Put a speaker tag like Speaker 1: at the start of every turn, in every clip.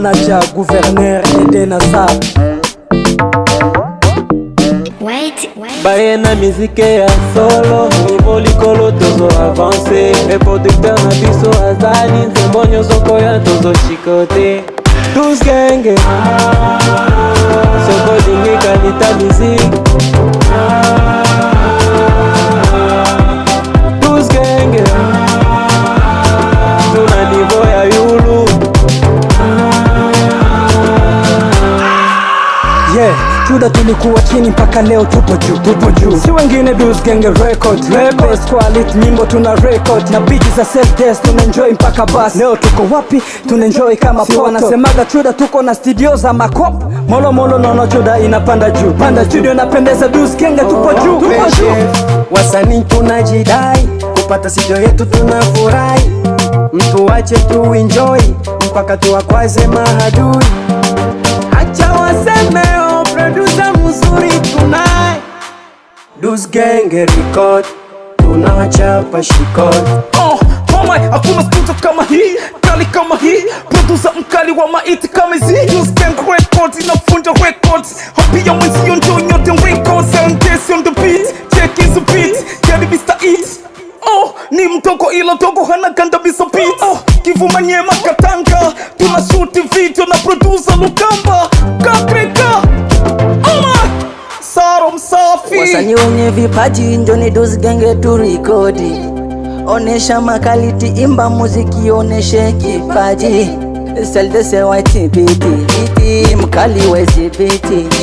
Speaker 1: manager gouverneur eden asar baye na mizike ya solo nivo likolo tozo avanse reproducteur na biso azali nzembo nyonso koya tozoshikote tous genge sokolingi kalita miziki
Speaker 2: tulikuwa chini mpaka leo tupo juu, tupo juu, si wengine Dulls genge record, record squalit nyimbo tuna record na beat za self test tuna enjoy mpaka basi. Leo tuko wapi? Tuna enjoy kama si wanasemaga chuda, tuko na studio za makop molo molo, nono chuda inapanda juu, panda studio napendeza, Dulls genge tupo juu, tupo juu, wasanii tunajidai kupata studio yetu tunafurahi, mtu wache tu enjoy mpaka tuwakwaze mahadui, acha waseme Roots Gang record tunachapa shikot. Oh, homie, hakuna studio kama hii kali kama hii producer mkali wa maiti kama hizi Roots Gang record inafunja record ya mwenzio yonjo nyote records and this on the beat check is the beat yani Mr. Eat Oh, ni mtoko ilo toko hana miso beat oh, Kivuma nyema katanga tunashuti video na producer Lukamba wenye vipaji genge tu turikodi, onesha makaliti, imba muziki, oneshe kipaji. iti mkali wezibiti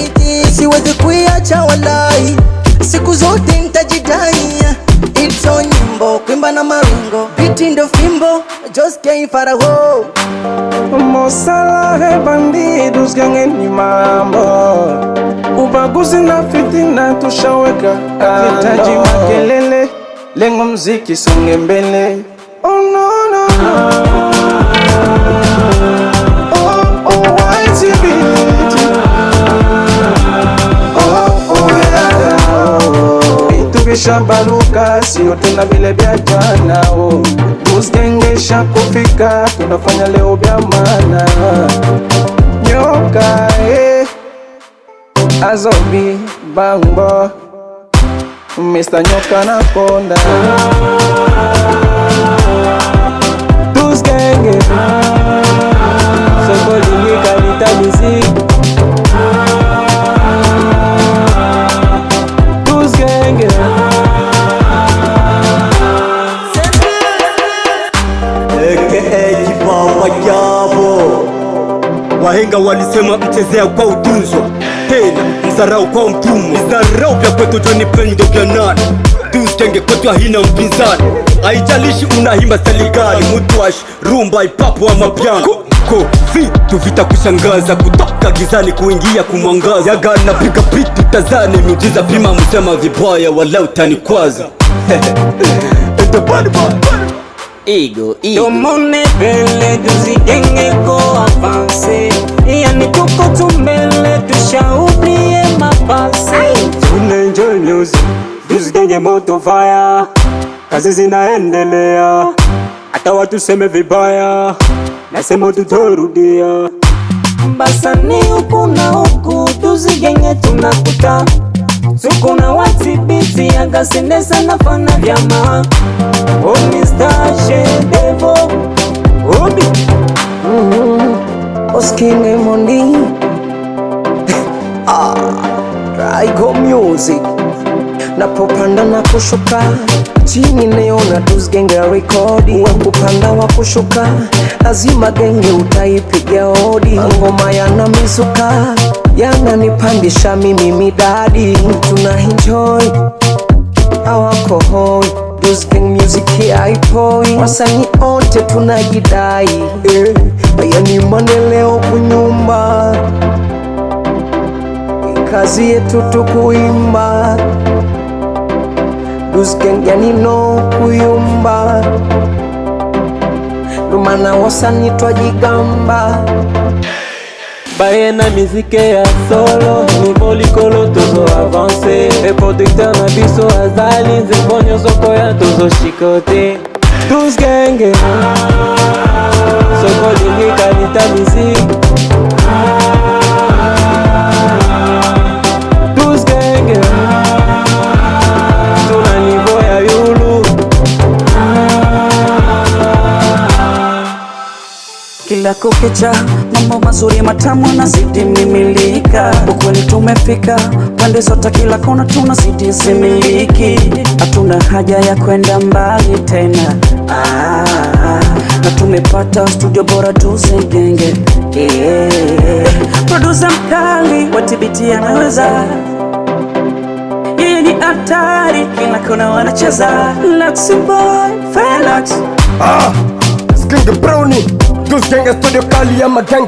Speaker 2: iti, siwezi kuiacha walai, siku zote ntajidaia Ito nyimbo kwimba na maringo, biti ndo fimbo, Josky Faraho mosalahe bandi tuzigenge ni mambo Ubaguzi na fitina tushaweka, hatuhitaji makelele, ah, lengo mziki songe mbele. Oh, no, no, no. Oh, oh, oh, Shabaruka sio tena vile vya jana, usikengesha kufika, tunafanya leo vya maana nyoka Azobi bango Mr. Nyoka na Konda, Tous Genge, Kalita wahenga walisema mchezea kwa udunzwa Msela msarau kwa mtumwa msarau vya kwetu pendo vya nani duskenge kwetu ahina mpinzani aijalishi unahimba saligari mutwash rumba ipapo wa mapiano ko vitu vitakushangaza kutoka gizani kuingia kumwangaza yagana piga piti tazani miujiza vima msema vibaya wala utanikwaza Ego, ego. Tomone pele tuzigenge ko avance yani tup kwenye moto fire, kazi zinaendelea, hata watuseme vibaya, nasema tutorudia. Basani huku na huku, tuzigenge tunakuta suku na watibiti agasinesa na fana vyama omistashedevo oh, obi mm -hmm. oskine mondi ah, music napopanda na kushuka chini neona dus genge rekodi wa kupanda wa kushuka lazima genge utaipiga hodi ngoma yana mizuka yananipandisha mimi midadi tuna enjoy awakohoi dus gang music ote tunajidai eh, yani maneleo kunyumba kazi yetu tukuimba luzikendyani n'okuyumba lumana wosani twagigamba
Speaker 1: baye na mizike ya solo nivo likolo tozo tozoavanse eprodukter na biso azali nzembo nyonso koya tozoshikote tus genge sokolingi kalita miziki
Speaker 2: chako kicha, mambo mazuri matamu yanazidi mimilika. Ukweli tumefika pande zote, kila kona tunazidi similiki. Hatuna haja ya kwenda mbali tena ah, na tumepata studio bora tuzengenge, yeah. Producer mkali watibiti anaweza hatari kila kona wanacheza Lux boy Felax ah, Skinga Brownie Goose gang studio call, I'm a gang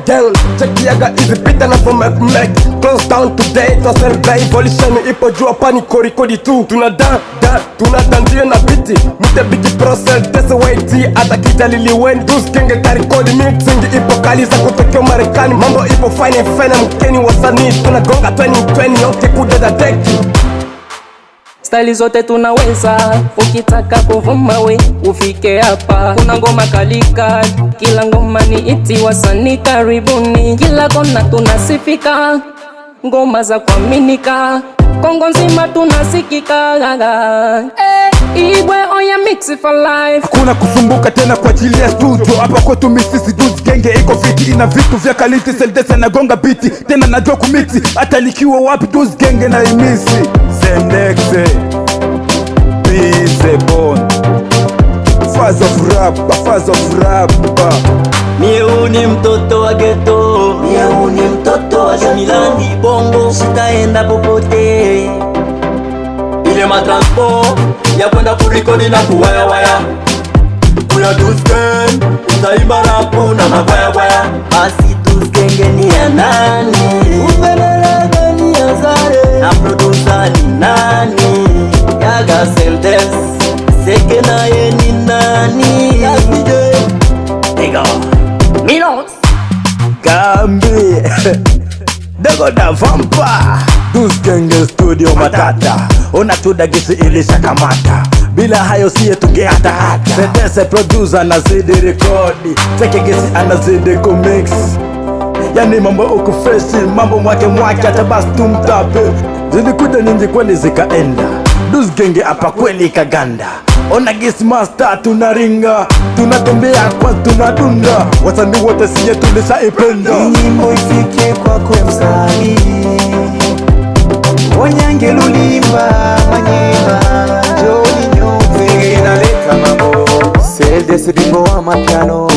Speaker 2: Chekiaga hizi pita na fomemek Close down today twaservei Volisheni ipo juu hapa kori kori tu Tunadan dan tunadanzio na biti Mite bigi Ata kita lili weni Goose gang mi mitingi ipo kali za kutokea Marekani Mambo ipo fine fine wasani tuna gonga 2020 yote kudeda deki stali zote tunaweza, ukitaka kuvuma we ufike hapa. Kuna ngoma kalika, kila ngoma ni iti, wasanii karibuni, kila kona tunasifika, ngoma za kuaminika, Kongo nzima tunasikika. Hey, eh, Ibwe oya mix for life. Hakuna kusumbuka tena kwa ajili ya studio hapa kwetu misisi dudes genge iko fiti ina vitu vya kaliti seldesa na gonga biti tena najua kumiti hata nikiwa wapi dudes genge na imisi Zendexe nafasi of rap Mie ni mtoto wa ghetto mie ni mtoto wa Milani Bongo, sitaenda popote. Ile matransport ya kwenda kurikodi na kuwaya waya kuna tusken utaimba rapu na waya basi tuskengeni ya nani Uvelele ya zare na producer ni nani? Yaga Seldes Seke na ye ni nani? Yaga Kambi Dogo da vampa Dus studio matata Una gisi ilisha kamata bila hayo siye tunge hata hata Fedese producer rekodi Cheke gisi anazidi kumix Yani mambo uku mambo mwake mwake atabastumtape basi Zilikuja nyingi kweli zikaenda Dus Genge apa kweli kaganda Ona Gis masta tunaringa, tunatembea kwa tunadunda, wasanii wote siye sinye ipenda Nyimbo ifike kwako msanii, Onyange Lulimba Manyema, Joni Nyombe inaleta mambo, Sedesi Rimbo wa mapiano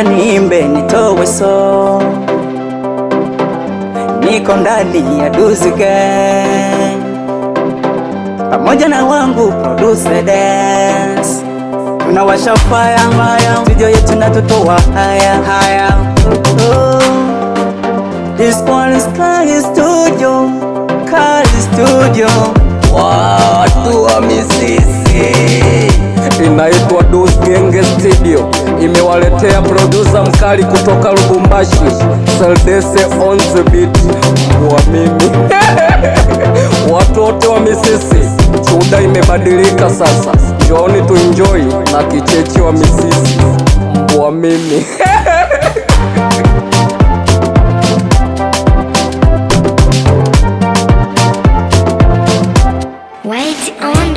Speaker 2: Acha niimbe nitowe so, niko ndani ya Duzi Gang pamoja na wangu producer dance, tunawasha fire fire, studio yetu inatutoa haya haya. Oh. This one is Kali Studio, Kali Studio watu wa misisi. Inaitwa Dos Genge Studio, imewaletea producer mkali kutoka Lubumbashi, Seldese on the beat wa mimi watu wote wa misisi. Chuda imebadilika sasa, njooni tuenjoy na kichechi wa misisi wa mimi on